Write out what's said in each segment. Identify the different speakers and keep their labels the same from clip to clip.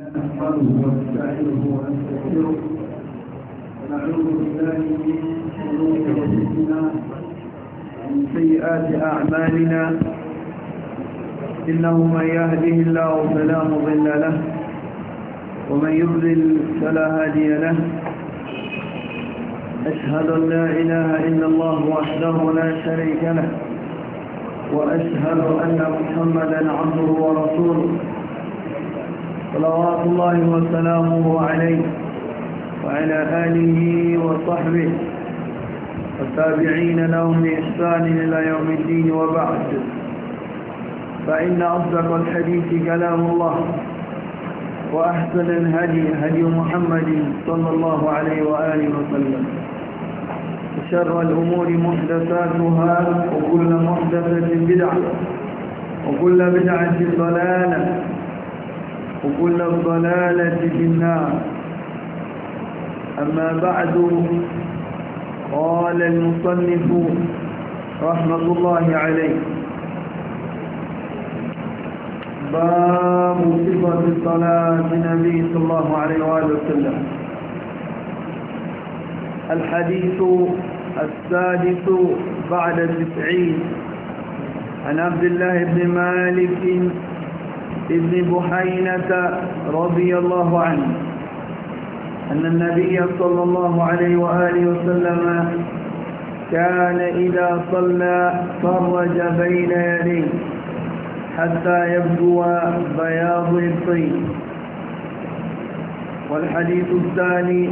Speaker 1: نحمده ونستعينه بالله من شرور انفسنا ومن سيئات اعمالنا انه من يهده الله فلا مضل له ومن يضلل فلا هادي له أشهد أن لا إله إلا الله وحده لا شريك له وأشهد أن محمدا عبده ورسوله صلوات الله وسلامه عليه وعلى آله وصحبه والتابعين لهم بإحسان إلى يوم الدين وبعد فإن أصدق الحديث كلام الله وأحسن الهدي هدي محمد صلى الله عليه وآله وسلم شر الأمور محدثاتها وكل محدثة بدعة وكل بدعة ضلالة وكل الضلالة في النار أما بعد قال المصنف رحمة الله عليه باب صفة الصلاة النبي صلى الله عليه وآله وسلم الحديث السادس بعد التسعين عن عبد الله بن مالك ابن بحينة رضي الله عنه أن النبي صلى الله عليه وآله وسلم كان إذا صلى فرج بين يديه حتى يبدو بياض الطين والحديث الثاني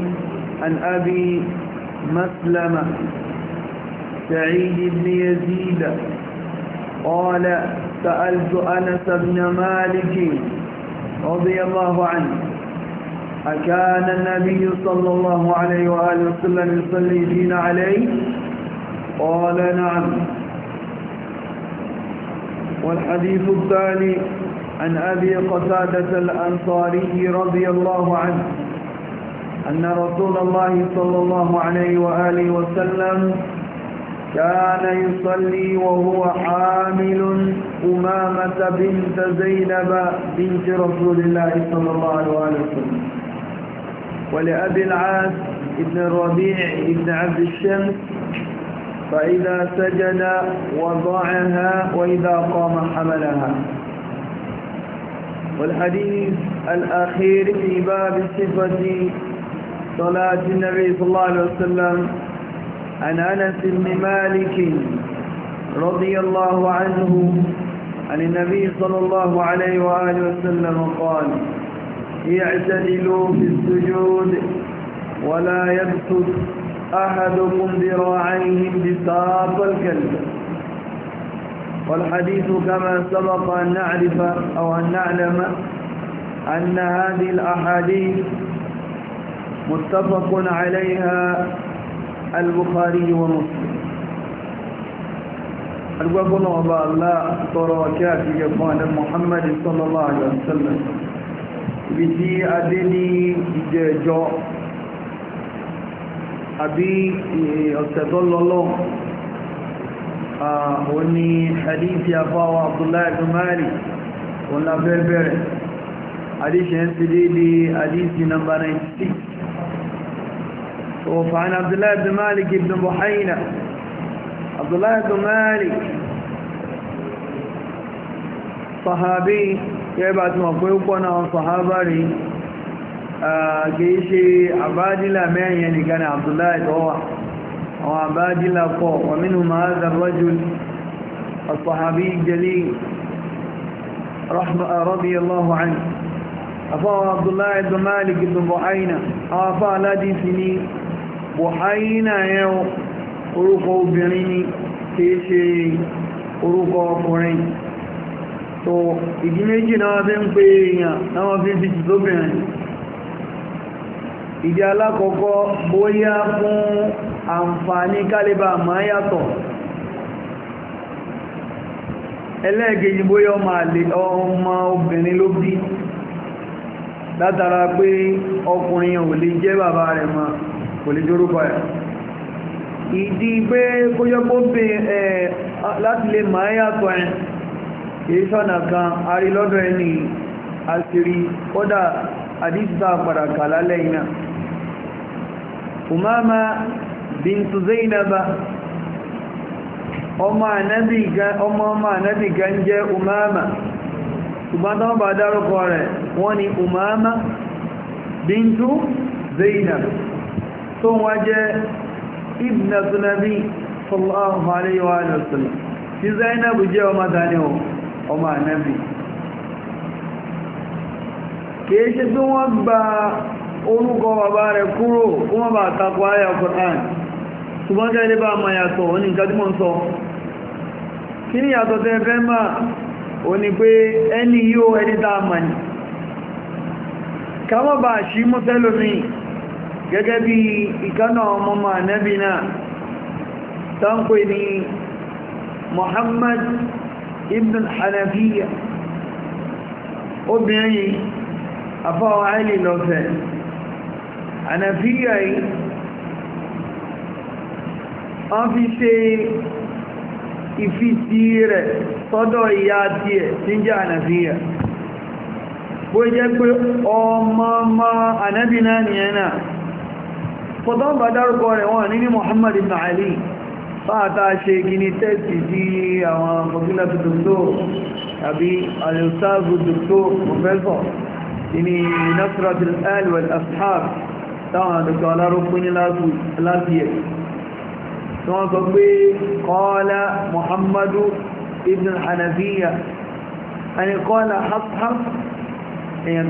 Speaker 1: عن أبي مسلمة سعيد بن يزيد قال سألت أنس بن مالك رضي الله عنه أكان النبي صلى الله عليه وآله وسلم يصلي فينا عليه قال نعم والحديث الثاني عن أبي قتادة الأنصاري رضي الله عنه أن رسول الله صلى الله عليه وآله وسلم كان يصلي وهو حامل أمامة بنت زينب بنت رسول الله صلى الله عليه وسلم ولأبي العاص بن الربيع بن عبد الشمس فإذا سجد وضعها وإذا قام حملها والحديث الأخير في باب صفة صلاة النبي صلى الله عليه وسلم عن أنس بن مالك رضي الله عنه عن النبي صلى الله عليه وآله وسلم قال اعتدلوا في السجود ولا يبسط أحدكم ذراعيه بساط الكلب والحديث كما سبق أن نعرف أو أن نعلم أن هذه الأحاديث متفق عليها البخاري ومسلم الوابنا وضع الله طرقات يقوان محمد صلى الله عليه وسلم بتي أدني جاء أبي أستدل الله وني حديث يا عبد الله بن مالك ولا بير بير حديث ينسي لي حديث نمبر 6 وعن عبد الله بن مالك بن بحينة عبد الله بن مالك صحابي يبعث مقويق وانا صحابري kìí ṣe àbájílà mẹ́rin yẹn nìkan ni Abdullahi tó wà àwọn àbájílà pọ̀ wà nínú máa zàrọ́jù ọ̀sọ̀hábí jẹ́lì rọ́bí allahu an afọ́ Abdullahi tó máa lè gìdùnbọ̀ aina àwọn afọ́ aládìsí ni ya yẹn orúkọ obìnrin ni kìí ṣe orúkọ ọkùnrin so ìdí méjì náà fi ń pè èèyàn náà fi fi jù lóbìnrin ìdí alákọ̀ọ́kọ́ bóyá fún àǹfààní kálíbà máa yàtọ̀ ẹlẹ́ẹ̀kejì bóyá ọmọ obìnrin ló bí látara pé ọkùnrin ò lè jẹ́ bàbá rẹ̀ máa kò lè jórúkọ ẹ̀ ìdí pé kó yọ kó bè ẹ̀ láti lè máa yàtọ̀ ẹ̀ èyí sọ́nà kan arí lọ́dọ̀ ẹni àṣírí kódà àdísítà padà kà lálẹ́ iná umama bintu zainaba ọmọ ànábì gan jẹ́ umama ṣùgbọ́n tán bá dárúkọ rẹ̀ wọ́n ni umama bintu zainaba tó wá jẹ́ ibnatunabi sallallahu alaihi wa sallam zainabu jẹ́ ọmọ daniel ọmọ anabi kìí ṣe bí wọ́n gba orúkọ bàbá rẹ̀ kúrò ọba àtakọ̀ ayà Qur'an ṣùgbọ́n kẹ́lẹ́ ma yàtọ̀ ní nǹkan tí ń sọ kí ni yàtọ̀ tẹ́ fẹ́ máa o ni pé ẹni yóò ẹni ní ká mọ́ bá ṣí mọ́ gẹ́gẹ́ bí ìkánà ọmọmọ ànẹ́bì náà tánkò ní Muhammad ibn Hanafiya obìnrin afọ́wọ́ àìlì lọ́fẹ́ Hanafiya yìí wọ́n fi ṣe ìfisí rẹ̀ sọ́dọ̀ ìyá tí ẹ̀ tí ń jẹ́ Hanafiya bó jẹ́ pé ọmọ ọmọ ànẹ́bì náà nìyẹn náà sọ̀tọ́n bá dárúkọ rẹ̀ wọ́n ní ní Muhammad ibn Ali fáàtà ṣe gini tẹ́sì sí àwọn fòkílẹ̀ dòdò tàbí alìsáàbù dòdò professor ní nasrat al-alwal ashab táwọn àdọ̀kọ̀ alárókún ní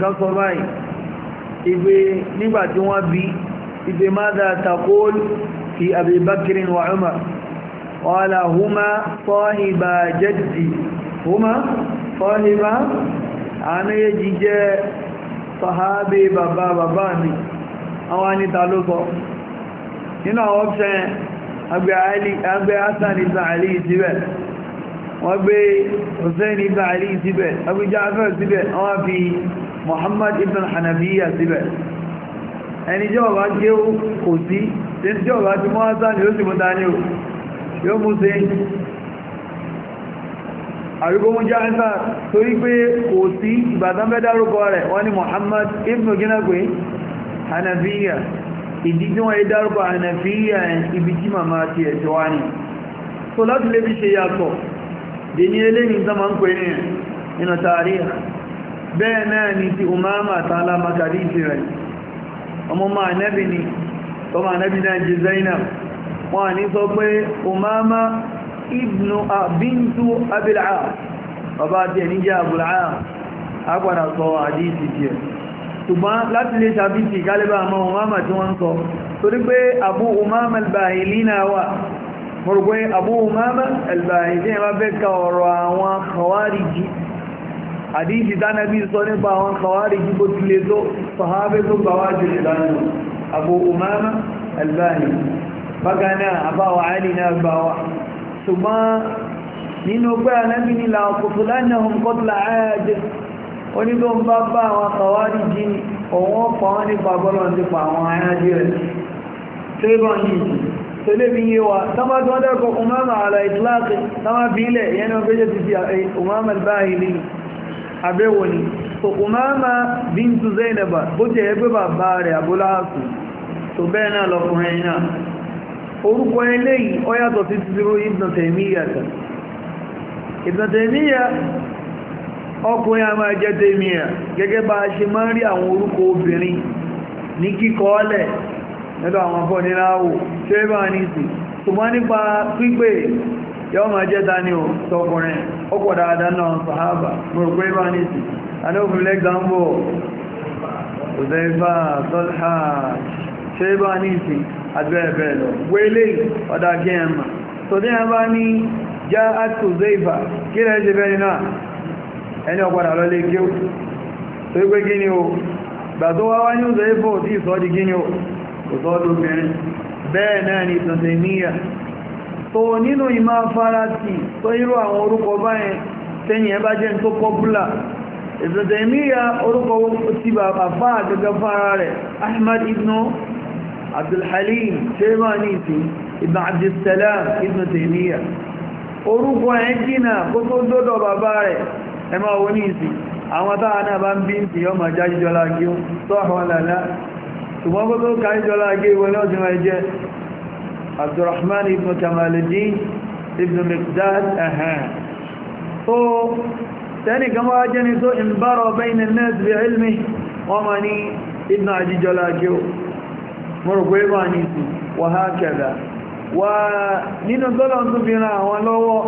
Speaker 1: kan sọ báyìí ìgbé nígbà wọ́n bí بماذا تقول في أبي بكر وعمر قال هما صاحبا جدي هما صاحبا أنا يجي صحابي بابا باباني àwọn ni ta ló sọ nínú àwọn option agbẹ́ hassan ibn ali síbẹ̀ wọ́n gbé hussein ibn ali síbẹ̀ abu jafar síbẹ̀ wọ́n fi muhammad ibn hanabiya síbẹ̀ ẹni jọba gé ó kò sí tí jọba ti mọ́ ásá ni ó sì mú dání o yóò mú sí àríkó mú jáńsà torí pé kò sí ìbàdàn rẹ̀ wọ́n ni Muhammad ibn gínàgbé hanafiya ìdí tí wọ́n yí dárúkọ hanafiya ibi tí màmá ti ẹ̀jọ́ wá ní so láti lè fi ṣe yàtọ̀ dè ní eléyìn tó máa ń pè ní nínú tààrí bẹ́ẹ̀ náà ni ti umama tààlà makari ìsirẹ̀ ọmọ máa nẹ́bì ni tó máa nẹ́bì náà jẹ Zainab wọ́n ní sọ pé Umama ibnu abintu abil'a bàbá tí ẹni jẹ́ abúl'á agbàdà sọ àdíìsì díẹ̀ ṣùgbọ́n láti lè sàbíkì kálẹ́bà àmọ́ Umama tí wọ́n sọ torí pé Abu Umama al-Bahili náà wà mọ̀rùgbé Abu Umama al-Bahili náà bẹ́ àdíjì dánàbí sọ nípa àwọn kàwárí gbogbo ti lè tó sọ̀hábẹ́ tó gbà wájú ìlànà Abu Umama Albani bákanáà àbáwà àìlì náà gbáwà ṣùgbọ́n nínú pé anábí ni làkùtù lánàá kọ́tùlà ààjẹ́ onígbò ń bá bá àwọn kàwárí jí òun ọ̀pọ̀ wọn nípa bọ́lọ̀ nípa àwọn àyájẹ́ rẹ̀ tẹ́bọ̀n yìí tẹ́lẹ̀bí yé wa tọ́mà tó wọ́n dẹ́kọ̀ Umama àlà ìtìláàkì tọ́mà bílẹ̀ yẹn ni wọ́n gbé àbẹ́wò ni Umama bíntu Zainaba bó ebe ba pé bàbá rẹ̀ abúláàsù tó bẹ́ẹ̀ náà lọkùnrin náà orúkọ dúró Ibn Taymiyyah tà Ibn Taymiyyah ọkùnrin a máa ma Taymiyyah gẹ́gẹ́ bá ṣe máa rí àwọn orúkọ obìnrin ní kíkọ́ ọlẹ̀ nígbà àwọn afọ́ níláwò tí ó bá ní sí nípa yọ́ máa jẹ́ ta ni ò ó pọ̀ dáadáa náà sàhábà mọ̀rọ̀ pé bá ní sí alóòfilẹ́ gbáǹbọ̀ òzẹ́fà tọ́lá ṣe bá ní sí àgbẹ̀ẹ̀bẹ̀ lọ wélé ọ̀dá gẹ́ẹ̀mà tó ní a bá ní já àtòzẹ́fà kí rẹ̀ ṣe bẹ́ẹ̀ náà ẹni ọ̀padà lọ lé òzẹ́fà kí tó nínú ìmá farati tó irú àwọn orúkọ báyẹn tẹ́yìn ẹbá jẹ́ tó pọ́pùlà ìsọ̀tẹ̀míyà orúkọ ti bàbá fà gẹ́gẹ́ fara rẹ̀ ahmad ibn abdulhalim ṣẹ́mání ti ibn abdulsalam ibn tẹ̀míyà orúkọ ẹ̀ jìnà kó tó dọ́dọ̀ bàbá rẹ̀ ẹmọ oní ìsìn àwọn táà náà bá ń bí ti yọ́ màá jájíjọ́lá gí tó àwọn làlá ṣùgbọ́n kó tó kájíjọ́lá gí ìwọlé ọ̀sìn rẹ̀ jẹ́ عبد الرحمن بن كمال الدين ابن مقداد أها او ثاني كما سو انبرى بين الناس بعلمه ومني ابن عدي جلاكيو مرقويباني وهكذا ونين ظلم سبينا ولو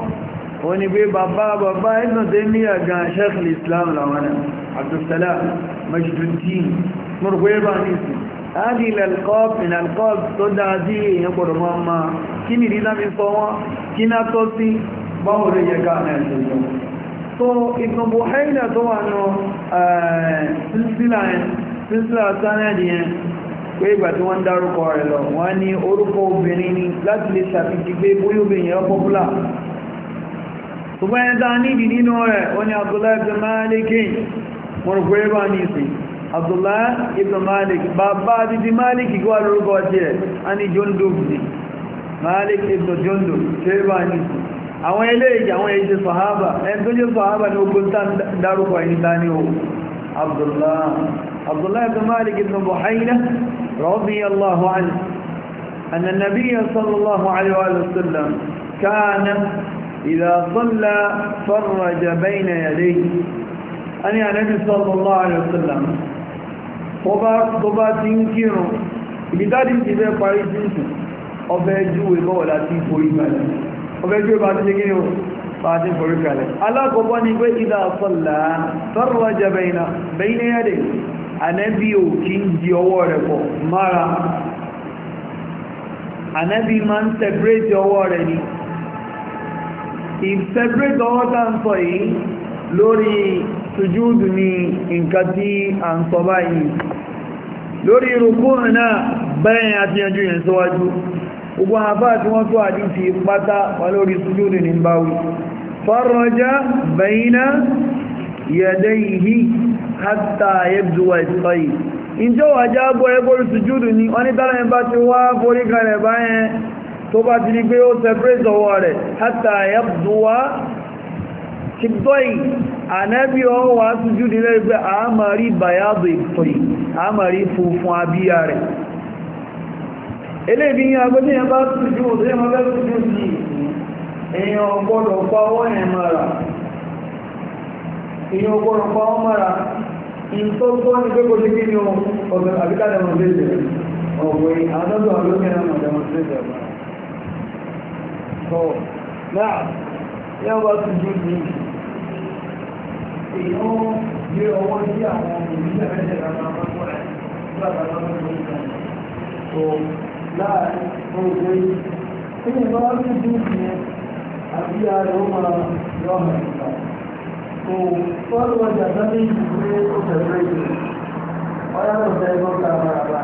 Speaker 1: وني بي بابا بابا ابن تيمية كان شيخ الإسلام لونا عبد السلام مجد الدين مرقويباني سي láti ilẹ̀ alkọ́ọ̀bù ìnà alkọ́ọ̀bù tó dáa sí èèyàn gbọ́dọ̀ mọ́ ọmọ kí ni ìdíná fi sọ wọ́n kí ná tó sí báwo lè yẹ ká náà ṣe sọ so ìgbìmọ̀ buhaila tó wà nù sílsílà sanadi yẹn pé ìgbà tí wọ́n dárúkọ rẹ̀ lọ wọ́n ní orúkọ obìnrin ni láti lè ṣàfihàn pé bóyá obìnrin yẹn pọ́pùlà ṣùgbọ́n ẹ̀dá nídìí ní ìsìn Abdullah ibn Malik bàbá bíbí Malik ìgbà lórúkọ tí ẹ̀ a ní Jundub ní Malik ibn Jundub ṣébà ní àwọn ilé ìjà àwọn èjì sọ̀hábà ẹn tó jẹ́ sọ̀hábà ní ogun tán dárúkọ ìta ní o Abdullah Abdullah ibn Malik ibn Buhayna radiyallahu anhu أن النبي صلى الله عليه وسلم كان إذا صلى فرج بين يديه أن يعني النبي صلى الله عليه وسلم tó bá ti ń kírun ìdídádi ti fẹ́ parí jíǹsì ọbẹ̀ júwe bọ́ọ̀lá ti forí kalẹ̀ ọbẹ̀ júwe bá ti kí o bá ti forí kalẹ̀ alákọ̀ọ́bọ́ ni pé ìdá sọ́lá tọ́rọ jẹbẹ̀ẹ́nà bẹ̀yìn ẹ̀dẹ̀ anẹ́bí ò kí ń di ọwọ́ rẹ̀ pọ̀ sùjúdù ni nǹkan tí a ń sọ báyìí lórí rùkúrù náà bẹ́ẹ̀ àti ẹjú yẹn síwájú gbogbo àfáà tí wọ́n tó àdífì pátá wà lórí sùjúdù ní báwí farraja bayna yadayhi hatta yabduwa ìsọ́yì ìjọ wà já gbọ́ ẹgbórí sùjúdù ni wọ́n ní tààrẹ bá ti wá forí kalẹ̀ báyẹn tó bá ti ní pé ó separate ọwọ́ rẹ̀ hatta yabduwa ṣìgbọ́yìn ànábí ọwọ́ wà túnjú nílẹ̀ pé a máa rí bayado ìtọ̀yì a máa rí funfun abíyà rẹ̀ eléèbí yí agbẹ́sẹ̀ yẹn bá túnjú òtò yẹn máa bẹ́ẹ̀ túnjú sí èèyàn gbọ́dọ̀ pa ọwọ́ yẹn mara èèyàn gbọ́dọ̀ pa ọwọ́ mara ìtọ́gbọ́ ní pé èèyàn gbé ọwọ́ sí àwọn òbílẹ̀ mẹ́jẹ̀ lára ọmọ rẹ̀ nígbàtà lọ́wọ́ tó ń kàn tó láàrin oògùn yìí tí ní bá rí jù yẹn àti ààrẹ ó máa lọ ọmọ ìgbà tó fọ́ọ̀lù ọjà sábẹ́ yìí pé ó tẹ̀lé ìlú ọ̀yá lọ sẹ́ ẹgbọ́n ká máa bá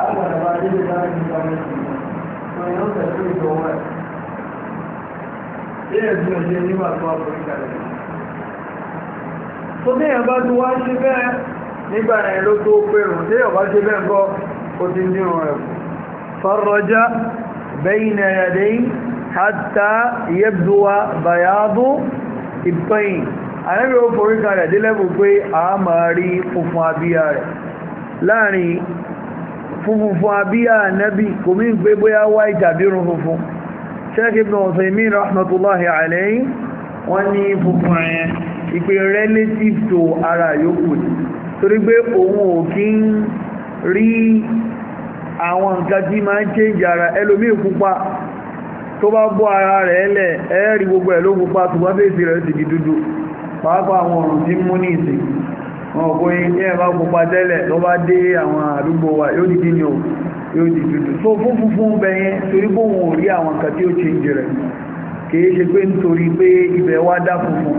Speaker 1: àwọn àgbà délé bá rí nípa ní tó ní ẹ̀bá tó wá ṣe bẹ́ẹ̀ nígbà ẹ̀ ló tó pẹ̀rùn tí ọ̀bá ṣe bẹ́ẹ̀ gọ́ ó ti ní ọ̀rọ̀ ẹ̀kù farraja bayna yadayi hatta yabduwa bayadu ibtain àrẹ́bẹ̀ ó forí kalẹ̀ délẹ́bù pé a máa rí funfun abíyá rẹ̀ láàrin funfun abíyá nẹ́bí kò mí wọ́n ní funfun ẹ̀yẹn ìpè relative to ara yòókù torí pé òun ò kí ń rí àwọn nǹkan tí máa ń change ara ẹlòmíì pupa tó bá bọ́ ara rẹ̀ lẹ̀ ẹ́ẹ̀rí gbogbo ẹ̀ ló pupa ṣùgbọ́n fèsì rẹ̀ sì di dúdú pàápàá àwọn ọ̀rùn tí mú ní ìsìn wọn kò yí ní ẹ̀bá pupa tẹ́lẹ̀ tó bá dé àwọn àdúgbò wa yóò di kíni o yóò di dúdú so fún funfun bẹ̀yẹn torí bóun ò rí àwọn nǹkan tí ó change rẹ̀ kì í ṣe pé nítorí pé ibẹ̀ wá dá funfun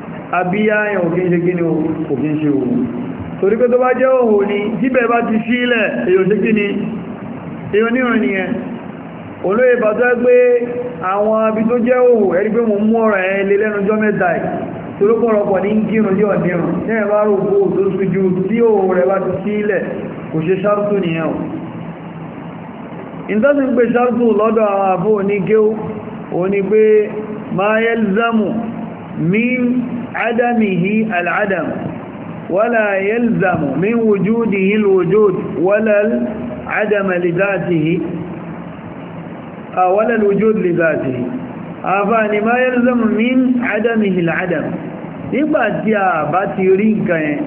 Speaker 1: àbíyá yẹn òfin ṣe kí ni òfin ṣe òun torí pé tó bá jẹ́ òhò ni jíbẹ̀ bá ti sílẹ̀ èyàn ṣe kí ni èyàn níran nìyẹn olóyè bá tó pé àwọn abi tó jẹ́ òhò ẹ̀rí pé mo mú ọ̀rọ̀ ẹ̀ lé lẹ́nujọ́ mẹ́ta torókọ̀rọ̀pọ̀ ní kírun yóò nírun ní ẹ̀bá rògbò tó ṣojú tí òhò rẹ̀ bá ti sílẹ̀ kò ṣe ṣáàtù nìyẹn o ìtọ́sí ń pè ṣáàtù lọ́dọ̀ àwọn àbó onígéó onígbé máa yẹ́lzámù min عدمه العدم ولا يلزم من وجوده الوجود ولا العدم لذاته ولا الوجود لذاته أفاني ما يلزم من عدمه العدم nígbà tí a bá ti rí nǹkan yẹn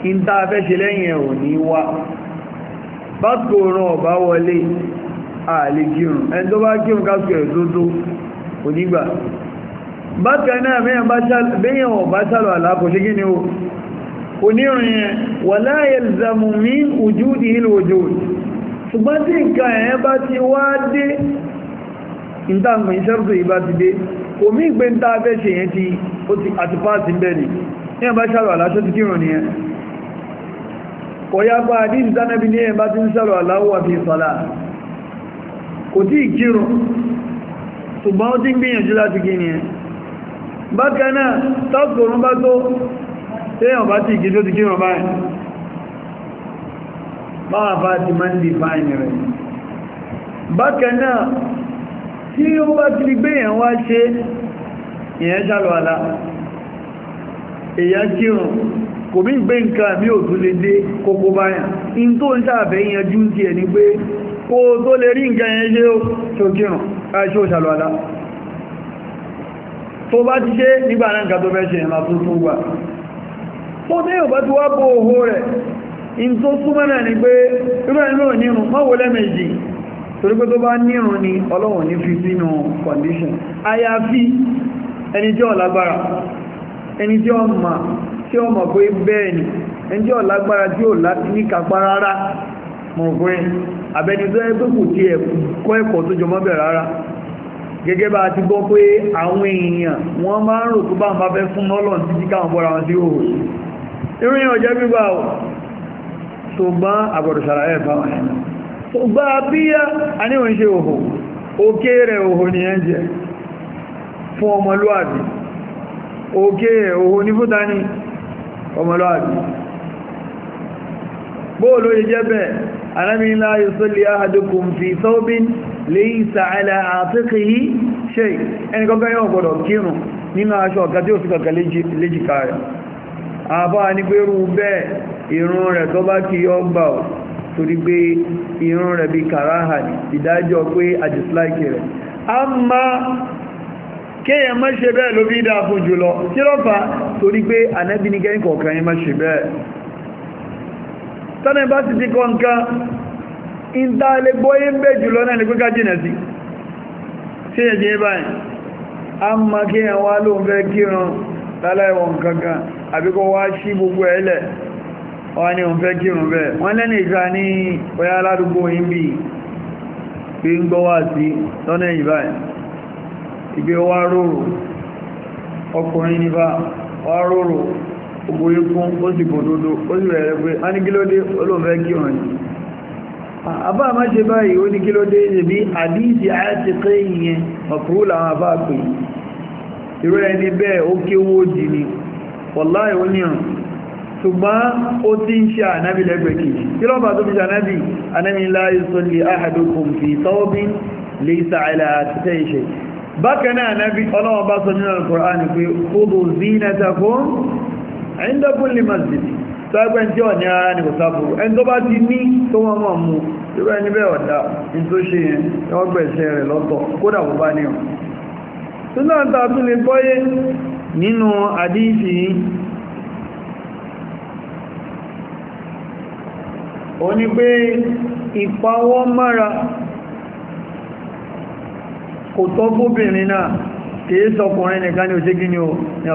Speaker 1: kí n tá a fẹ́ ṣe lẹ́yìn ẹ̀ ò ní wá bá kòrán ọ̀bá wọlé àlè kírùn ẹni tó bá kírùn káàkiri ẹ̀ tó tó onígbà bákan náà bẹ́yàn bá sálọ àlákò ṣe gíní o onírin wà láyé zàmù mí ojúdí ilò òjò ṣùgbọ́n tí nǹkan ẹ̀yẹn bá ti wá dé ìtàmù ìṣẹ́rùtù ìbá ti dé omi ìgbé ń tàbẹ́ ṣe yẹn ti àti pàtí bẹ́ẹ̀ni ní ẹ̀bá sálọ àláṣọ́ ti kírùn ni ẹ kọ̀yá bá ní ìtànàbí ní ẹ̀bá ti ń sálọ àláwọ̀ àfi ìsọ̀lá kò tí ì kírùn ṣùgbọ́n ó ti gbìyànjú láti kí ni ẹ bákanáà tọ́kùnrún bá tó téèyàn bá ti igi tó ti kírun báyìí báwa bá ti máa ń di fáìn rẹ̀ bákanáà tí ó bá ti gbé èèyàn wá ṣe ìyẹn ṣàlọ́lá èèyàn kírun kò mí gbé nǹkan mi ò tún lè dé kókó báyà in tó ń sàfẹ́ yanjú ti tó bá ti ṣe nígbà náà nǹkan tó fẹ́ ṣe ìrìnlá tó tún wà tó ní ọ̀bá tó wá bó owó rẹ̀ in tó súnmọ́ náà pé rẹ̀ náà nírun mọ́wó lẹ́mẹ̀jì torí pé tó bá nírun ni ọlọ́run ní fi sínú condition àyàfi ẹni ẹni tí ọmọ pé bẹ́ẹ̀ ni ẹni jẹ́ tí ò láti ní abẹni tó ẹgbẹ́ kò tí ẹ̀kọ́ ẹ̀kọ́ tó gẹ́gẹ́ bá ti gbọ́ pé àwọn èèyàn wọ́n máa ń rò tó bá ń bá fẹ́ fún mọ́lọ̀ títí káwọn bọ́ra wọn sí òòrùn irú yàn jẹ́ gbígbà ò ṣùgbọ́n àgbọ̀dọ̀ ṣàlàyé fáwọn ẹ̀nà ṣùgbọ́n abíyá aníwọ̀n ṣe òhò òkè rẹ̀ ni ẹ́ jẹ́ fún ọmọlúwàbí òkè rẹ̀ òhò fi thawbin laysa ala atiqihi shay ẹni kọ́kọ́ yóò gbọ́dọ̀ kírun nínú aṣọ ọ̀gá tí ó sì kàkà léjìká rẹ̀ àbá ní pé rú bẹ́ẹ̀ ìrun rẹ̀ tó bá kí yọ gbà ọ̀ torí pé ìrun rẹ̀ bí kàráhà ìdájọ́ pé rẹ̀ a ma kéèyàn má ṣe bẹ́ẹ̀ ló bí dáa fún jùlọ tí ló fà torí pé ànábì ní kẹ́yìn yẹn má ṣe bẹ́ẹ̀ ti ti kọ́ nǹkan ìdá lè gbóyé ń bẹ jùlọ náà ní pínká jìnà sí tí è báyìí a ma kí ẹ̀ wá fẹ́ kíran láláìwọ̀n kankan àbíkọ́ wá sí gbogbo ẹ̀lẹ̀ wá ni òun fẹ́ kírun bẹ́ẹ̀ wọ́n lẹ́nì ní ọya aládùgbò yìí bí pé ń sí lọ́nà ìbáyìí Ah, àbá má ṣe báyìí ó ní kí ló dé ìbí àdíjì àti kéyìn ọ̀pùrú làwọn àbá pè irú ẹni bẹ́ẹ̀ ó kéwó jì ní wọ̀láì ó níhàn ṣùgbọ́n ó ti ń ṣe ànábì lẹ́gbẹ̀kì kí lọ́pàá tó fi ṣe ànábì ànábì ńlá ìsọlẹ̀ ahadukum fi tawbin laysa ala sọ́gbẹ́ tí ọ̀ní ara ní òsàbùrù ẹni tó bá ti ní tó wọ́n mọ̀ mú irú ẹni ọ̀dá ní tó ṣe yẹn rẹ̀ lọ́tọ̀ kódà bá ní ọ̀ túnlá ta nínú ní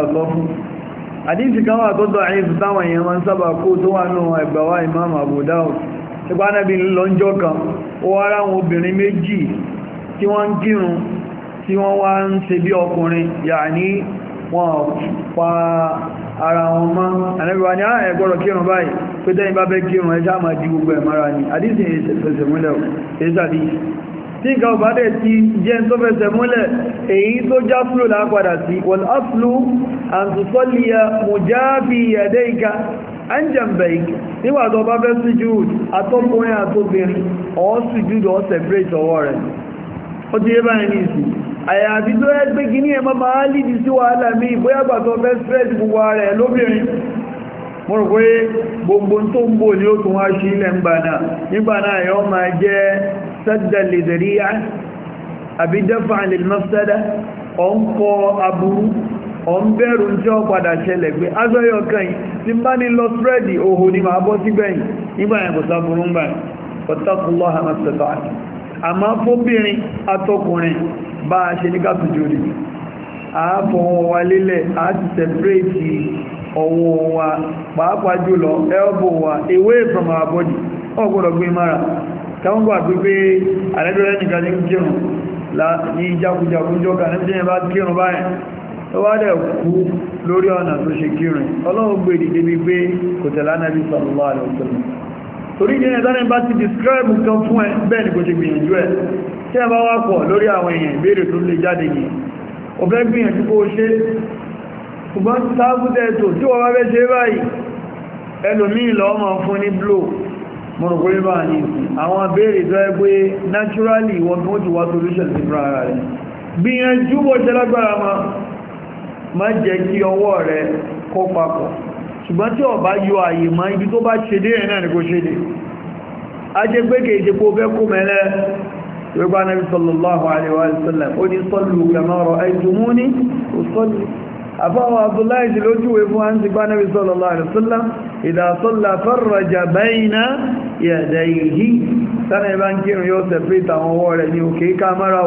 Speaker 1: pé àdíjì kan wà tó dọ̀ àyíkù táwọn èèyàn ma ń sábà kó tó wà náà ẹgbàwà imam abudáwò nípa anábi lọ́njọ́ kan ó wá ráwọn obìnrin méjì tí wọ́n ń kírun tí wọ́n wá ń ṣe bí ọkùnrin yàní wọn pa ara wọn mọ́ anábíwá ní ààrẹ ah, gbọ́rọ̀ kírun báyìí pé tẹ́yìn bá bẹ́ kírun ẹjá máa di gbogbo ẹ̀mára ni àdíjì ìṣẹ̀fẹ̀sẹ̀ múlẹ̀ tí nǹkan ọba dẹ̀ ti jẹ́ tó fẹsẹ̀ múlẹ̀ èyí tó já fúlò lápadà sí wọ́n áfúlù àǹtùsọ́lìyà mùjáàbí ẹ̀dẹ́ ìka anjambẹ̀ik nígbà tó bá fẹ́ sujúd atọ́kùnrin àtóbìnrin ọ̀ sujúd ọ̀ separate ọwọ́ rẹ̀ ó ti yé ebe ní ìsìn àyàbí tó yẹ pé kí ní ẹmọ máa lìdí sí wàhálà mi bóyá gbà tó fẹ́ stress gbogbo mo rò pé gbogbo tó ń bò ní ó tún wá sí ilẹ̀ ńgbà náà nígbà náà yọ máa jẹ́ سدا لذريعة أبي دفعا للمفسدة أنقى أبو ọ̀n ọ ń jọ padà ṣẹlẹ̀ pé azọ́yọ̀ kan yìí tí bá ní lọ sírẹ́dì òhò ní máa bọ́ sí gbẹ̀yìn nígbà yẹn kò sáfúrú ń báyìí ọ̀tàkùnlọ́ àmàṣẹ̀tọ̀ àti àmá fóbìnrin atọ́kùnrin a ṣe ní kàtùjò rí wa pàápàá jùlọ from our body e mara. káwọn gbà pípé àrẹ́dọ́rẹ́ nìkan ní kírùn ní ìjákújákújọ́ kan ní bá kírùn báyìí tó wá dẹ̀ kú lórí ọ̀nà tó ṣe kírùn ọlọ́run gbé dìde bí pé kò tẹ̀lá Ànábì sallallahu alaihi wasallam torí jẹ́ ẹ̀dánì bá ti describe kan fún ẹ bẹ́ẹ̀ ni kò ti gbìyànjú ẹ̀ tí ẹ bá wá pọ̀ lórí àwọn èèyàn ìbéèrè tó lè jáde yìí o fẹ́ gbìyànjú kó ṣe ṣùgbọ́n sáàbùtẹ̀ ètò mọ̀rọ̀gbọ́rí bá ní àwọn abẹ́rẹ̀ tó ẹgbẹ́ naturally wọn tó ti wá solution sí fún ara rẹ̀ gbìyànjú bó ṣe lágbára ma má jẹ́ kí ọwọ́ rẹ̀ kó papọ̀ ṣùgbọ́n tí ọba yọ àyè ma ibi tó bá ṣe dé ẹ̀nà ní kò ṣe dé a jẹ́ pé kèé ṣe kó fẹ́ kó mẹ́lẹ́ wípé anábi sallallahu alaihi àfáwọn abdullahi ti lójúwé fún àti bánàbí sallallahu alaihi wasallam ìdásọ́lá farraja bayna yadayhi sánà ìbá ń kírùn yóò sẹ̀fẹ́ta àwọn ọwọ́ rẹ̀ ní òkè kámẹ́rà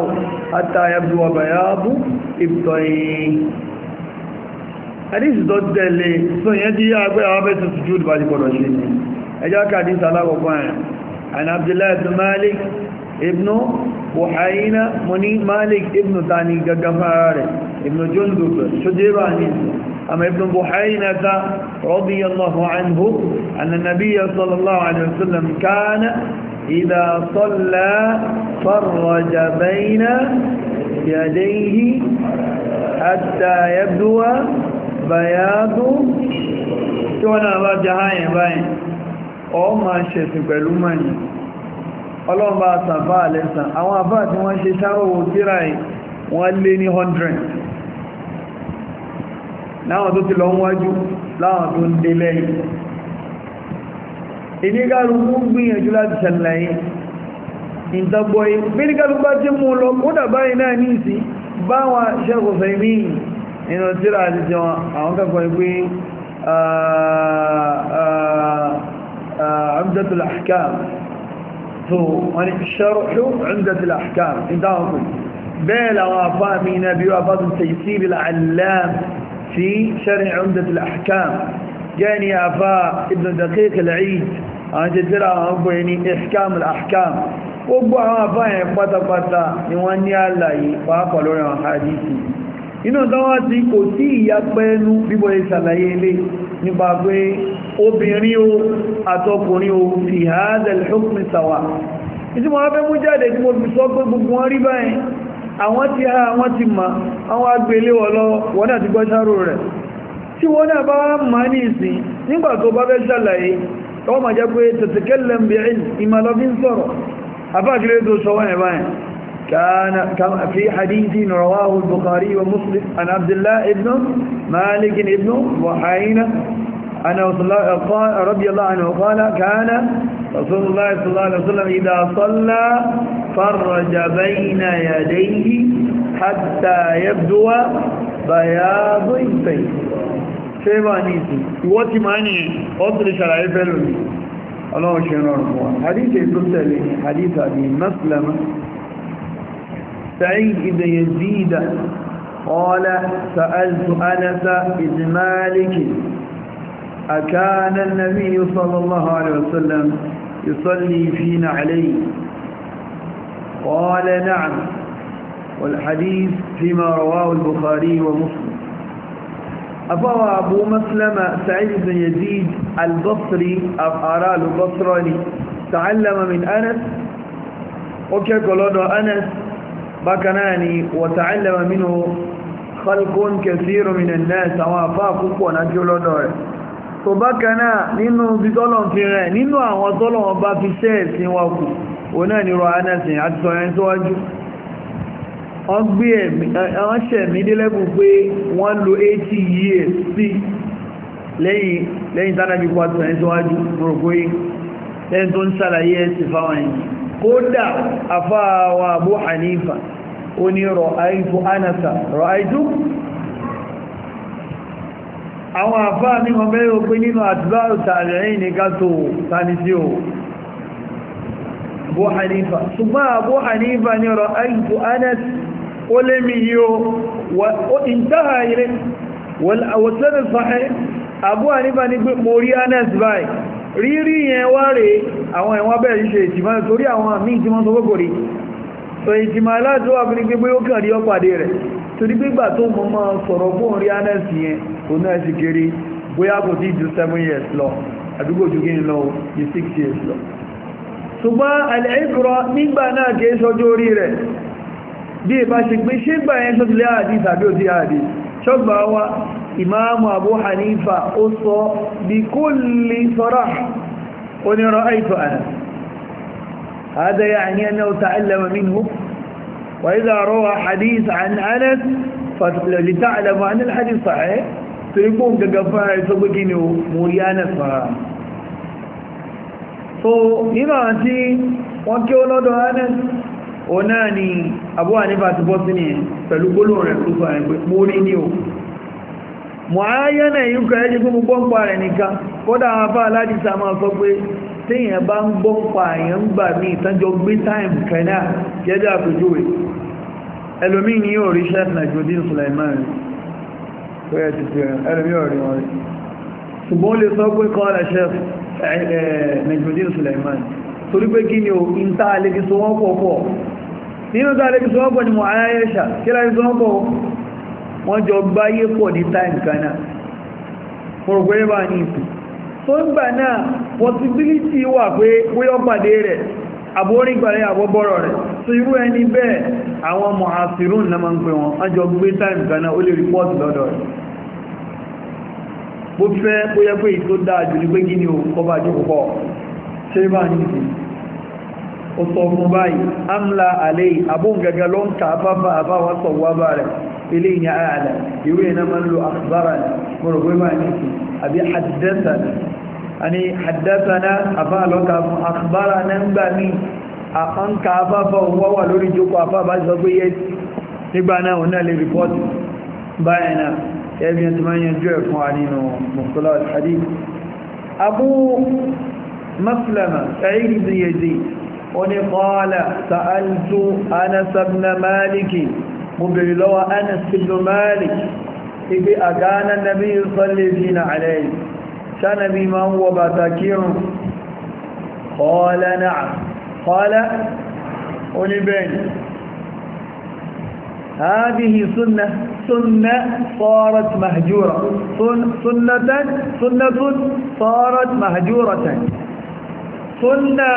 Speaker 1: hatta yabdu bayadu ibtayn hadith tó tẹ̀lé sọ́yẹ́ tí yá pé àwọn bẹ́ẹ̀ tuntun jù bá ti pọ̀lọ̀ ṣe ẹjọ́ kàdí sàlákọ̀ọ́kọ́ ẹ̀ ibnu buhaina mo ní malik ibnu tani gangan fara rẹ̀ ibnu jundub ṣojẹ́bà ní أما ابن بحينة رضي الله عنه أن النبي صلى الله عليه وسلم كان إذا صلى فرج بين يديه حتى يبدو بياض شو أنا أبا جهاين باين أو ما شفت بلوماني ọlọ́run bá sàfà àlẹ́sàn àwọn àfà tí wọ́n ṣe sáwọ̀wò síra ẹ̀ wọ́n lé ní 100 láwọn tó ti lọ wájú láwọn tó ń dé lẹ́yìn ìníkàlùkù gbìyànjú láti ṣàlàyé ìtàgbọ́yé bíníkàlùkù bá ti mú lọ ó dàbá iná ní ìsìn báwọn ṣẹ́kùsẹ̀ تو يعني الشرح عمدة الأحكام انتهوا بل وافا من أبي وافاد التيسيب العلام في شرع عمدة الأحكام جاني أفا ابن دقيق العيد عن جزيرة أبو يعني إحكام الأحكام وابو أفا يبطى بطى يواني الله فأقلوا عن حديثي inú ọ̀dọ́wọ́ ti kò sí ìyapẹ́ẹnu bíbọ̀ ìṣàlàyé ilé nípa pé obìnrin o àtọkùnrin o fi hádẹ̀lẹ̀ ṣókùnrin sàwà ìtí wọ́n fẹ́ mú jáde tí mo fi sọ pé gbogbo wọn rí báyìí àwọn ti ha àwọn ti ma àwọn agbèlé ọlọ wọ́n náà ti gbọ́ sáró rẹ̀ tí wọ́n náà bá ma ní ìsìn nígbà tó bá fẹ́ ṣàlàyé ọmọ jẹ́ pé tẹ̀tẹ̀kẹ́lẹ̀ ń bẹ̀rẹ̀ ìmàlọ́bí ń sọ̀rọ̀ àbájúlé tó sọ wọ́n ẹ̀ báyìí كان في حديث رواه البخاري ومسلم عن عبد الله ابن مالك ابن وحينة أنا رضي الله عنه قال كان رسول الله صلى الله عليه وسلم إذا صلى فرج بين يديه حتى يبدو بياض الفيل سيبا نيسي يواتي ماني أطرش على الفيل الله شنور حديث يقول حديث أبي مسلمة سعيد بن يزيد قال سألت أنس بن مالك أكان النبي صلى الله عليه وسلم يصلي فينا عليه قال نعم والحديث فيما رواه البخاري ومسلم أفوى أبو مسلم سعيد بن يزيد البصري أرى البصراني تعلم من أنس وكيف قالوا أنس بكناني وتعلم منه خلق كثير من الناس وافاق وانا جلو دور tó bákaná nínú bí tọ́lọ̀n fi rẹ̀ nínú àwọn tọ́lọ̀n bá fi sẹ́ẹ̀sìn wa 80 years sí lẹ́yìn tánàbí kọ́ sọ̀rẹ́ síwájú mọ̀rọ̀gbóyí lẹ́yìn tó ń sàlàyé ẹ̀sì fáwọn yìí kódà àfáà wa Abu Hanifa ó ní rọ̀áìtù anasa rọ̀áìtù àwọn àfáà ní wọ́n bẹ́rẹ̀ òpin nínú àtìbáàrù tààrẹ̀yìn ní gátò tanisi o bó hanifa ṣùgbọ́n àbó hanifa ní rọ̀áìtù anas ó lé mi yíó ìntáhà ilé wọ́sẹ́nì sọ́hẹ́ àbó hanifa anas so ìjìmọ̀ aláàtò wà fún ní pé ó kàn rí ọpàdé rẹ̀ gbígbà tó mọ́ mọ́ sọ̀rọ̀ fún anẹ́sì yẹn kò náà sì kéré bóyá kò tí ju 7 years lọ àdúgbò jù gín lọ ju 6 years lọ ṣùgbọ́n alẹ́ìkúrọ nígbà náà kìí sọjú orí rẹ̀ bí ìbá ṣe pé ṣé gbà yẹn àdí tàbí òdí àdí ṣọ́gbà wa ìmáàmù Hanifa ó sọ هذا يعني أنه تعلم منه وإذا روى حديث عن أنس فلتعلم أن الحديث صحيح سيكون كقفاء سبقين مريانا صحيح so nínú àti wọ́n kí ó lọ́dọ̀ ánẹ́ o náà ni àbúwà nípa ti bọ́ sí ní pẹ̀lú gbólò rẹ̀ tó sọ ẹgbẹ́ mú ní o mọ̀ ayẹ́ náà yíkọ̀ ẹ́jẹ́ fún gbọ́npa rẹ̀ nìkan kódà àfá aládìsá máa sọ pé téèyàn bá ń gbọ́ ń pa àyàn ń gbà ní ìtànjọ gbé táìmù kẹ́nà gẹ́gẹ́ àpèjúwe ẹlòmí ní yóò rí sheikh Najmuddin Sulaiman rẹ̀ ti fi ẹlòmí ò rí wọn wọ́n jọ gbáyé pọ̀ ní táìmù kẹ́nà mo bá ní ìsìn tó ń gbà náà possibility wà pé wíyọ́ pàdé rẹ̀ àbórígbàrẹ́ àbọ́bọ́rọ̀ rẹ̀ tó irú ẹni bẹ́ẹ̀ àwọn mọ̀hásírùn na máa ń pè wọn ajọ gbé táìmù kaná ó lè lọ́dọ̀ rẹ̀ bó fẹ́ bó yẹ pé ní pé ni jókòó ṣe bá ó sọ fún báyìí amla alẹ́ ló ń ta afáfá àbáwá bá rẹ̀ ilé ìyá ìwé náà máa ń lo àkùbára mọ̀rọ̀ pé bá àbí ani haddathana afa aloka fun akhbara na ngba mi akan ka afa fa wa wa lórí joko afa ba sọ pé yes nígbà náà ona lè report bayan na ebi en tuma yan jure fún ani no mustalah hadith abu maslama sa'id ibn yazid oni qala sa'altu anas ibn malik mubiri anas ibn malik ibi agana nabi sallallahu alaihi tánàbí máa ń wọ bàtà kírùn kọ́ọ́lá náà kọ́ọ́lá oníbẹ̀ẹ̀ni هذه سنة سنة صارت مهجورة سنة سنة صارت مهجورة سنة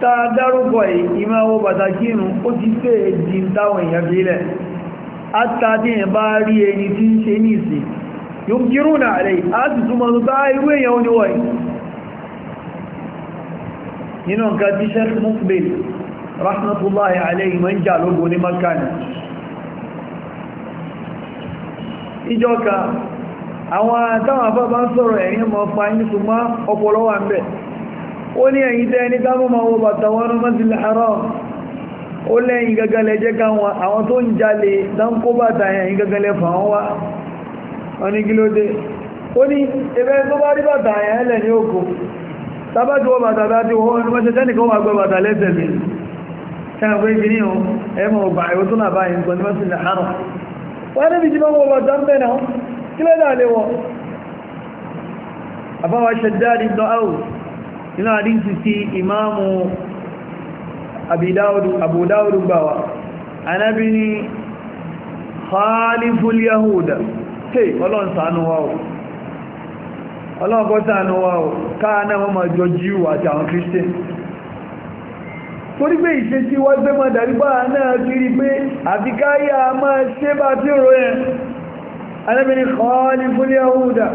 Speaker 1: tàádárúkọ̀ ìmá owó pàtàkì inú ó ti fẹ́ èjì táwọn èèyàn fi lẹ̀. a tàbí ẹ̀ bá rí ẹni tí ń ṣe ní ìsìn yunkiruna alayhi a ti túnmọ̀ lọ́gbá irú èèyàn oníwọ̀ yìí nínú nǹkan tí sheikh mukbil rahmatullahi alayhi ma ń jà lógún ní makana ìjọka àwọn àtàwọn àbábá ń sọ̀rọ̀ ẹ̀yìn mọ̀ fa ní ṣùgbọ́n ọpọlọ́ wà ń bẹ̀ ó ní ẹ̀yìn tẹ́ ní tábọ̀ ma wọ bàtà wọn ní masjidil haram ó lẹ́yìn gagalẹ̀ jẹ́ káwọn àwọn tó ń jalè dánkó bàtà ẹ̀yìn gagalẹ̀ fà wọ́n wá onígílódé ó ní ẹgbẹ́ tó bá rí bàtà ẹ̀yàn ẹlẹ̀ ní òkú tàbátí wọ́n bàtà láti wọ́n wọ́n ṣe tẹ́nìkan wà gbé bàtà lẹ́sẹ̀ mi ẹ̀rùn pé kìíní o ẹmọ ọgbà ẹ̀wọ́ tó nàbá yìí nǹkan ní wọ́n sì lè hàrọ̀ wọ́n níbi jí máa wọ bàtà ń bẹ̀ náà kí hey ọlọ́run ṣàánú wa o ọlọ́run kó ṣàánú wa o káà náà wọ́n máa jọ jíù àti àwọn christian torí pé ìṣe tí wọ́n gbé máa dàrí bá náà kiri pé àfikáyà máa ṣe bá tí ó rọ yẹn alẹ́bìnrin kan ní fún ní ọ̀húdà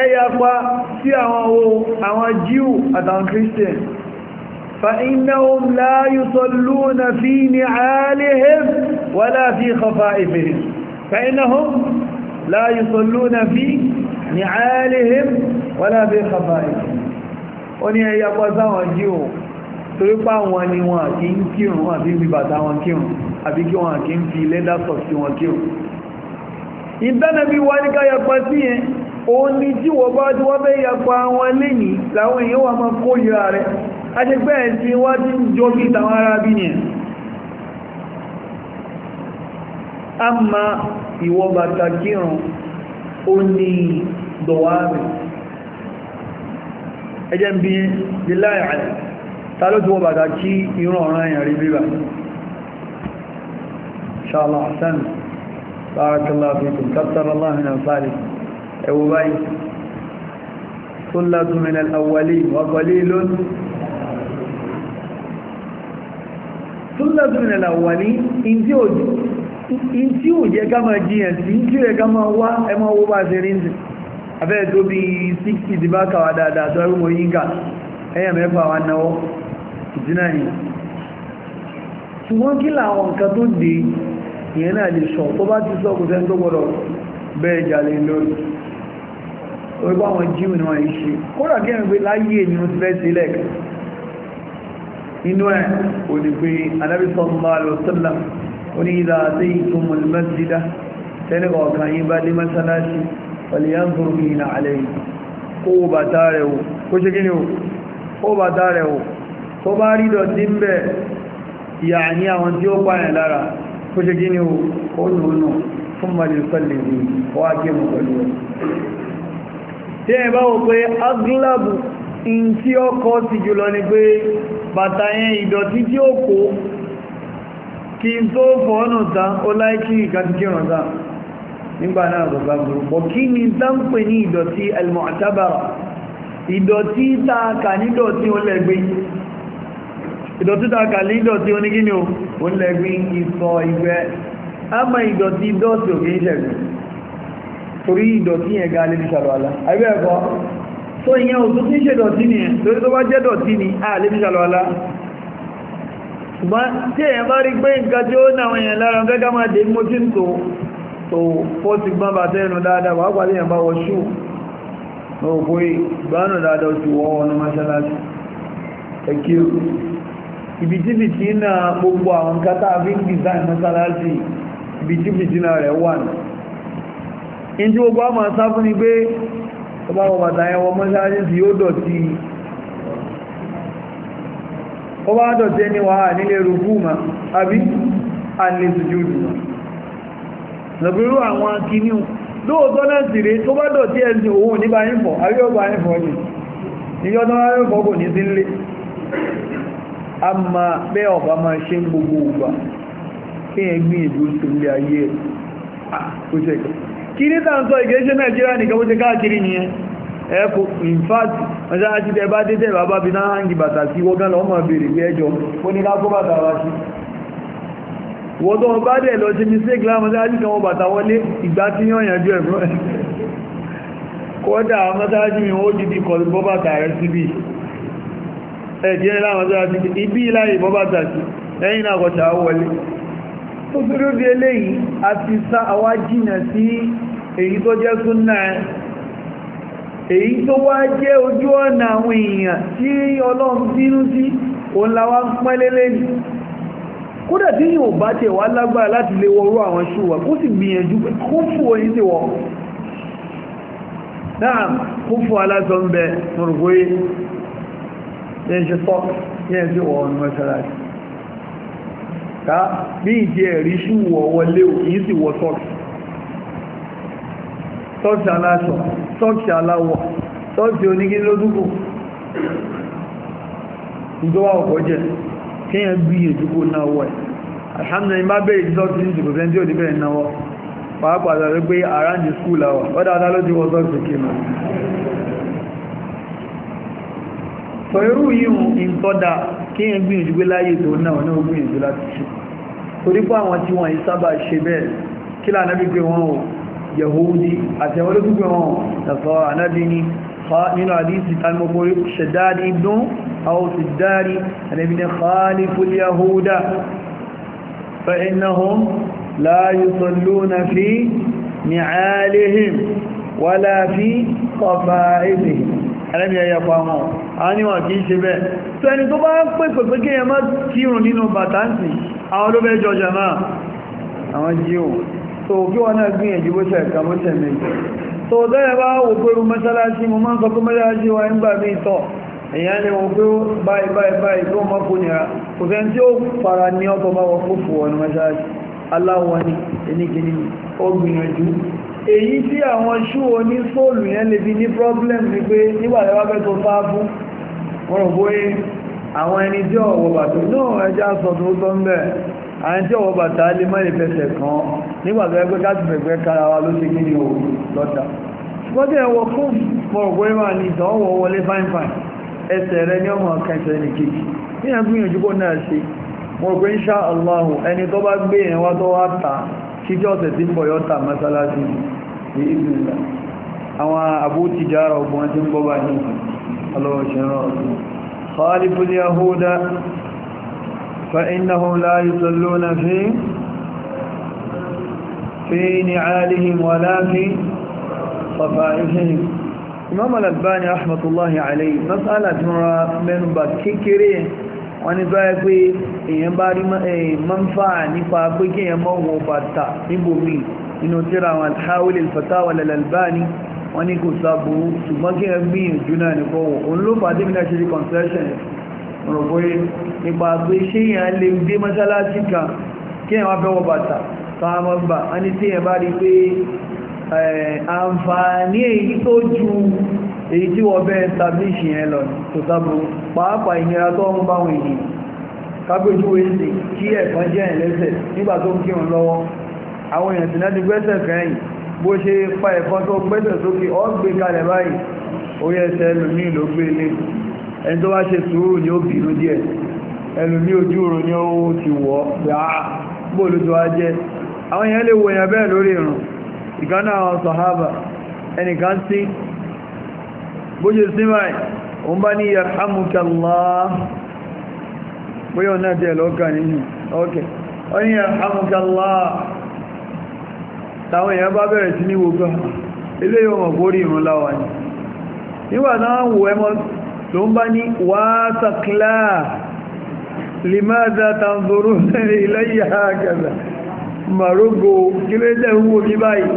Speaker 1: ẹ̀yà pa sí àwọn ohun àwọn jíù àtàwọn christian فإنهم لا يصلون في نعالهم ولا في خفائفهم فإنهم لا يصلون في نعالهم ولا في خفائفهم oni ẹ̀yà pọ̀sá wọn jí o torí pa wọn ni wọn àti ń kírùn wọn àti ń fi bàtà wọn kírùn àbí kí wọn àti ń fi lẹ́dàsọ̀ sí wọn kírùn ìdánàbí wá ní ká yàpá sí yẹn òun ni tí wọ́n bá tí wọ́n bẹ́ yàpá wọn lẹ́yìn láwọn èèyàn wà máa kó yíra rẹ̀ a ṣe pé ẹ̀sìn wá tí ń jọ bí ìtàwọn ará bí ní ẹ̀ a ma ìwọ bàtà kírùn ó ní dọ̀wárì ẹjẹ́ ń bí níláyà rẹ̀ ta ló ti wọ bàtà kí ìran ọ̀ràn èèyàn rí bíbà ṣàlọ̀ àṣán barakallahu fikum kattara Allah min al-fali ẹwọ báyìí sullatun min al-awwalin wa qalilun súnlẹ̀ súnlẹ̀ làwà nti ìntí ò jẹ́ ká máa jiyàn sí ìntí ò yẹ ká máa wá ẹmọ owó 60 ti bá dada dáadáa tó ẹrùn mọ̀ yínká ẹyà mẹ́fà wa náwọ́ ìdínà ni ṣùgbọ́n kí làwọn nǹkan na dé sọ tó bá ti inú ẹ̀ ò ní pé Ànábì sallallahu alaihi wasallam ó ní idha ataytumul masjida tẹ́lẹ̀ ọ̀kan yí bá dé mọ́sálásí falyanzur bina alayhi kó bàtà rẹ̀ wò kó ṣe kí ni wò kó bàtà rẹ̀ wò tó bá rí mọ̀ pẹ̀lú ẹ̀ tí ẹ bá wò pé agúlábù in tí ó kọ́ sí jùlọ ni pé bàtà yẹn ìdọ̀tí tí ó kó kí n tó fọ́ọ̀nà tán ó láìkí ìkàtíkìràn tán nígbà náà bàbá gbùrùpọ̀ kí ni tán pè ní ìdọ̀tí al-mu'tabara ìdọ̀tí tààkà nídọ̀tí olẹ́gbé ìdọ̀tí tààkà nídọ̀tí onígíní olẹ́gbé ìsọ ìgbẹ́ àmà ìdọ̀tí dọ́tí òkè ìṣẹ̀gbẹ̀ torí ìdọ̀tí yẹn ga lè ní ṣàlọ́lá tó ìyẹn òtún tí ṣe dọ̀tí ni ẹ̀ lórí tó bá jẹ́ dọ̀tí ni a lè fi ṣàlọ́lá ṣùgbọ́n tí èyàn bá rí pé nǹkan tí ó náwọn èyàn lára gẹ́gá máa dé mú tí ń tó tó fọ́ ti gbọ́n bá tẹ́nu dáadáa wà pàdé èyàn bá wọ ṣú òkú ìgbánù dáadáa ti wọ́n wọn mọ́ṣáláṣí ẹkí ibi tí fìtí náà gbogbo àwọn kátà fi ń design mọ́ṣáláṣí ibi tí fìtí náà tó bá wọ bàtà yẹn wọ yóò dọ̀tí ó bá dọ̀tí ẹni wà nílé rúkú àbí àlẹ́ sùjúdù lọ́gbẹ̀rú àwọn akíní lóòótọ́ náà sì rèé tó bá dọ̀tí àbí ọba tó kò ní sí a máa bẹ́ ọ̀bá ma ṣe gbogbo kí sí ayé ẹ̀ kó ah, kí ní tàǹsọ ìgbésẹ̀ nàìjíríà nìkan bó ti káàkiri nìyẹn ẹkù in fact ọjọ́ àti tẹ bá dé tẹ bàbá bí náà hangi bàtà sí wọ́gán lọ mọ̀ bèèrè pé ẹjọ́ ó ní lákó bàtà wá sí wọ́dọ̀ bá dẹ̀ lọ sí mistake lámọ́sá àti kan wọ́n bàtà wọlé ìgbà tí yàn ó dìdí ibi láyé bọ́bàtà sí lẹ́yìn náà kọ̀tà wọlé tó tó lórí eléyìí àti sá àwájìnà sí èyí tó jẹ́ súnnà èyí tó wá jẹ́ ojú ọ̀nà àwọn èèyàn tí ọlọ́run bínú sí òun la wá ń pẹ́lẹ́lẹ́ ní kódà tí yíò bá tẹ̀ wá lágbára láti lè wọ́rú àwọn ṣúwà kó sì gbìyànjú bí ìjẹ́ ẹ̀rí ṣúwọ̀ wọlé òkè sí wọ́ ṣọ́ọ̀ṣì aláṣọ ṣọ́ọ̀ṣì aláwọ̀ ṣọ́ọ̀ṣì onígínlódúkù ìjọwà ọ̀pọ̀ jẹ́ kíyàn bí ìdúkò náà wọ̀ alhamdulillah bá bẹ̀rẹ̀ ìjọ́sí ìdìbò fẹ́ tí ò ní bẹ̀rẹ̀ náà wọ́ pàápàá rẹ̀ pé around school àwọ̀ ọ́dá adá ló ti wọ́ ṣọ́ọ̀ṣì kí mọ̀ sọ irú yíhun ìtọ́dá kíyàn gbìyànjú pé láyé tó náà náà gbìyànjú láti ṣe torípọ̀ àwọn tí wọ́n yìí sábà bẹ́ẹ̀ kí lànà bí pé wọ́n wọ̀ yahudi àtẹ̀wọ́n ló gbogbo wọn tàfà anábi ni nínú àdísì tánmọ́kórí ṣẹ̀dáàdì ibùn àwọn ṣẹ̀dáàdì anábi ni khaliful yahuda fa'innahun láyé sallúna fi ni'alihim wala fi qafa'ihim anábi ya yapa wọn a níwọ̀n kìí ṣe bẹ́ẹ̀ tó ẹni tó bá pẹ̀pẹ̀ pé kí ẹ má kírùn nínú bàtáǹsì àwọn olóbẹ́ jọjọ náà àwọn jíò so kí wọ́n náà gbìyànjú bó ṣe ẹ̀ka bó ṣe méjì so tẹ́lẹ̀ bá wò pẹ̀lú mọ́sálásí mo máa ń sọ pé mọ́sálásí wa ń gbà mí tọ̀ èyàn lè wọ́n pé báyìí báyìí báyìí tó mọ́ kò nira kò fẹ́ tí ó fara ní ọkọ̀ bá wọ́n fòfò wọn mọ́sálásí aláwọ̀ ni ẹnìkìní ó èyí tí àwọn ṣú oní sóòlù yẹn lè fi ní problem ni pé nígbà tí wọ́n tó fá fún wọn rò bóyá àwọn ẹni tí ọ̀wọ̀ bàtà náà ẹja sọ̀tún tó ń bẹ̀ àwọn tí ọ̀wọ̀ bàtà lè má lè fẹsẹ̀ nígbàtọ̀ ẹgbẹ́ láti bẹ̀gbẹ́ kára wa ló ti kí ní òun lọ́ta ṣùgbọ́n ẹwọ fún mọ̀rọ̀gbọ́ ẹwà ní ìtọ́wọ̀ wọlé fáìfáì ẹsẹ̀ rẹ ní ọmọ kẹsẹ̀ ní kejì ní ẹgbìyànjú kó náà ṣe mọ̀rọ̀gbọ́ insha Allah ẹni tó bá gbé yẹn wá tó wá ta kíjọ́ ọ̀sẹ̀ tí ń bọ̀ اليهود فإنهم لا يصلون فيه في نعالهم ولا في صفائحهم Imam Al-Albani الله عليه mas'ala tunra من ba kékeré wọ́n ní báyẹ̀ pé èyàn bá rí manfaa nípa pé kí èyàn mọ́ wọ bàtà níbòmí inú tíra àwọn al-Hawil al-Fatawa al-Albani wọ́n ní kò sábò ṣùgbọ́n kí èyàn gbìyànjú náà ní kọ́wọ́ ló fàájì sáàmọ́ gbà a ní tí ẹ̀bá rí pé àǹfààní èyí tó ju èyí tí wọ́n bẹ́ establish yẹn lọ tó sábò pàápàá ìnira tó ń bá wọn èyí kágbójú èsì kí ẹ̀kan jẹ́ ẹ̀lẹ́sẹ̀ nígbà tó ń kírun lọ́wọ́ àwọn èèyàn tìǹà ti gbẹ́sẹ̀ kẹ́yìn bó ṣe pa ẹ̀kan tó gbẹ́sẹ̀ sókè ọ́ gbé kalẹ̀ báyìí orí ẹsẹ̀ ẹlòmíì ló gbé lé ẹni tó wá ṣe sùúrù ni ó bínú díẹ̀ ẹlòmíì ojú oorun ni ó ti wọ̀ ọ́ pé á ah, bóòlù tó wá jẹ́ àwọn èèyàn lè wòyàn bẹ́ẹ̀ lórí ìrùn ìkaná àwọn sọ̀hábà ẹnìkan sí bójú símáì òun bá ní yarhamukallah bóyá náà jẹ́ lọ́kà nínú ọkẹ̀ ó ní yarhamukallah táwọn èèyàn bá bẹ̀rẹ̀ sí ní gbogbo ilé yóò mọ̀ bórí ìrùn láwà ní nígbà marogo kílẹ́dẹ̀ ń wò ní báyìí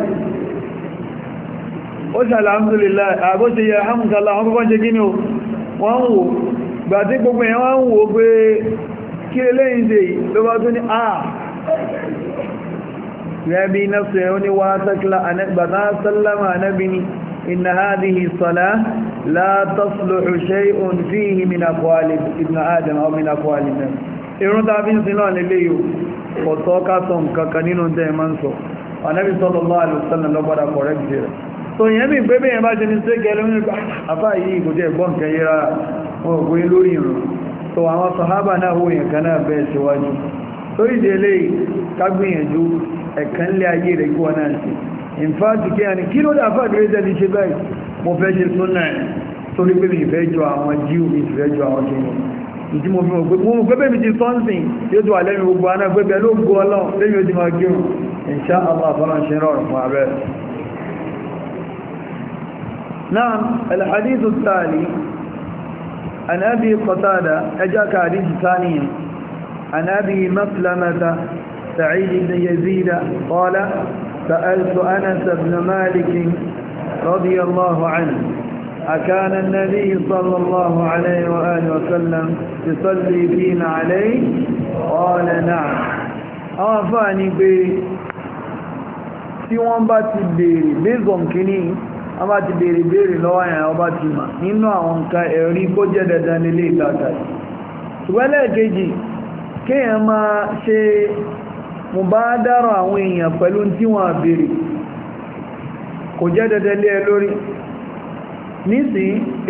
Speaker 1: ó sàlámdùlélà àbóṣe yẹ hàmùsàlá wọn kọ́kọ́ jẹ́ gínú wọ́n wò gbà tí gbogbo ẹ̀ wọ́n wò pé kí eléyìn dè ló bá tó ní àà إن هذه الصلاة لا تصلح شيء فيه من أقوال ابن آدم أو من أقوال الناس إنه تعبين سنوان اللي ọ̀tọ́ ká sọ nǹkan kan nínú tẹ́ ma ń sọ anábì sallallahu alaihi wasallam lọ́gbàdà kọ̀rẹ́ jẹ́ rẹ̀ so ìyẹn bí pé bẹ́yẹn bá ṣe ní sí gẹ́lẹ́ nípa afá yìí kò jẹ́ gbọ́n kẹ́ so àwọn sàhábà náà wó yẹn kan náà bẹ́ẹ̀ síwájú torí délé kágbìyànjú ẹ̀kan lé ayé rẹ̀ kí wọ́n náà in fact kí ni kí ló dà fà kí ló ṣe báyìí mo fẹ́ ṣe súnà torí pé mi fẹ́ ìdí mo fún ògbé mú gbẹ́bẹ̀ mi ti sọ́nsìn yóò tó wà lẹ́nu gbogbo aná gbẹ́bẹ̀ ló gbọ́ ọlọ́run lẹ́yìn ó ti máa gírùn ìṣá àwọn àfọ́nà ṣe rọrùn fún abẹ́ náà alhadithu tààlì anábi kọtàdà ẹjá ka hadithu tààlìyàn anábi maslamata سعيد بن يزيد قال سألت أنس بن مالك رضي الله عنه أكان النبي صلى الله عليه وآله وسلم يصلي فينا عليه قال نعم أعفاني بي tí wọ́n bá ti béèrè lẹ́zọ̀n kìíní wọ́n bá ti béèrè béèrè lọ́wọ́ àyàn ọba ti mà nínú àwọn nǹkan ẹ̀rí kó jẹ́ dandan lélé ìgbàgbà ṣùgbọ́n kejì kéèyàn máa ṣe mùbádára àwọn èèyàn pẹ̀lú tí wọ́n béèrè kò jẹ́ dandan lé ẹ lórí nísìn